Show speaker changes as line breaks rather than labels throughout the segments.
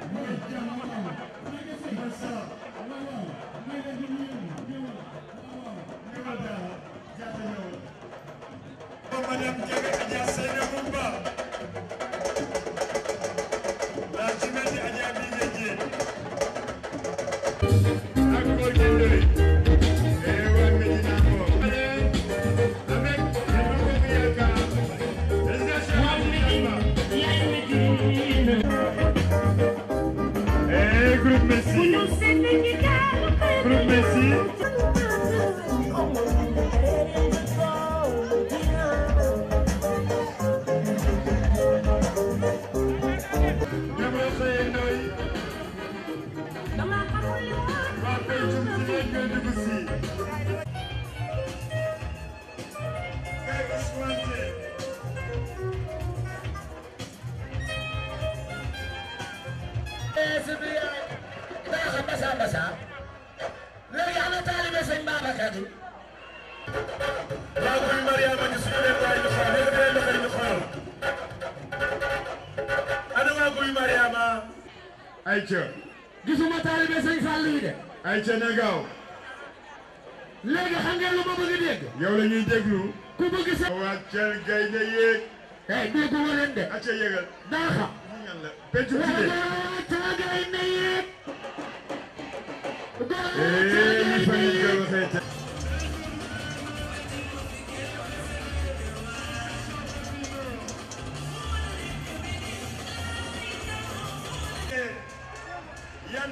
Thank you. ayca gisuma taalibe sëñ Sall yi de ayca na gaaw léegi xam ma bëgg dégg yow la ñuy déglu ku bëgg sa wàccal gaynde yéeg eh déggu ma leen de acca yéegal daa xam pencu tile wàccal gaynde yéeg eh,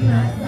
Yeah.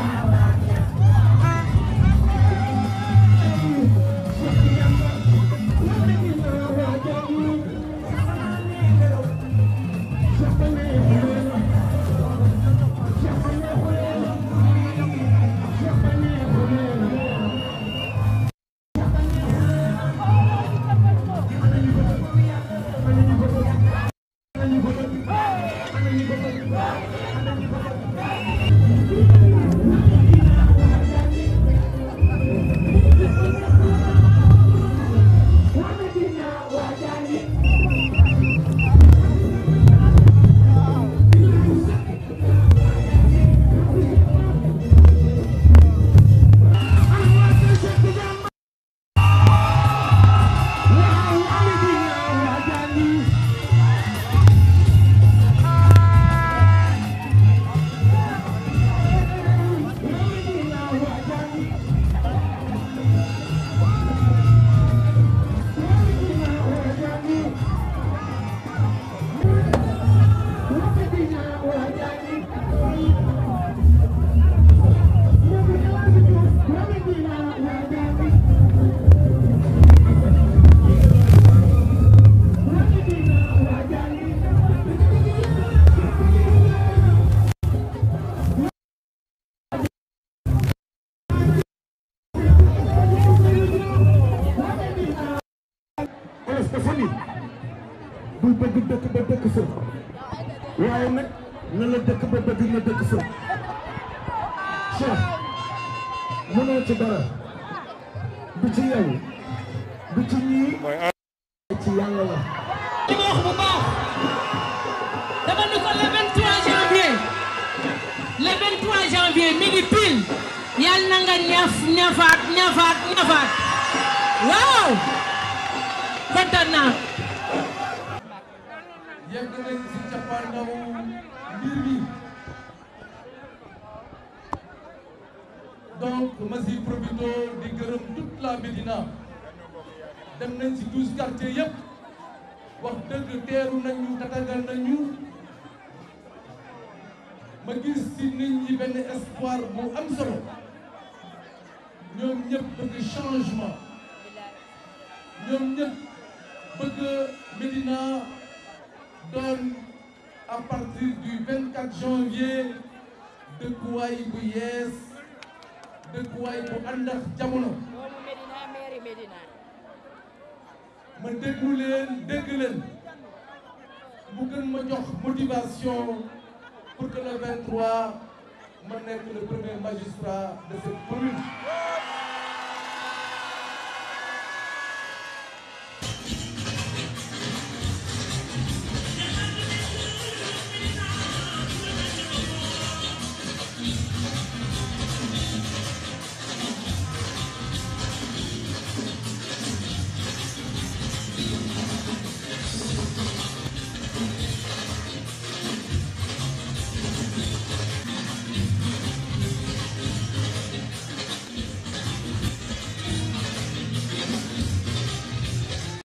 bëgg dëkk ba dëkk fa waaye nag na la dëkk ba bëgg nga dëkk fa Cheikh mënoo ci dara du ci yow du ci ñii ci yàlla la le 23 janvier midi pile na nga ñaf waaw naa yegg nañ ci cappaandawu mbir mi donc ma si profito di gërëm toute la Médina dem nañ ci douze quartiers yëpp wax dëgg teeru nañu tatagal nañu ma gis ci nit ñi benn espoir bu am solo ñoom ñëpp bëgg changement ñoom ñëpp bëgg Médina donne à partir du 24 janvier de quoi il de Je de quoi je me découle. je motivation pour que le 23 je le premier magistrat de cette commune.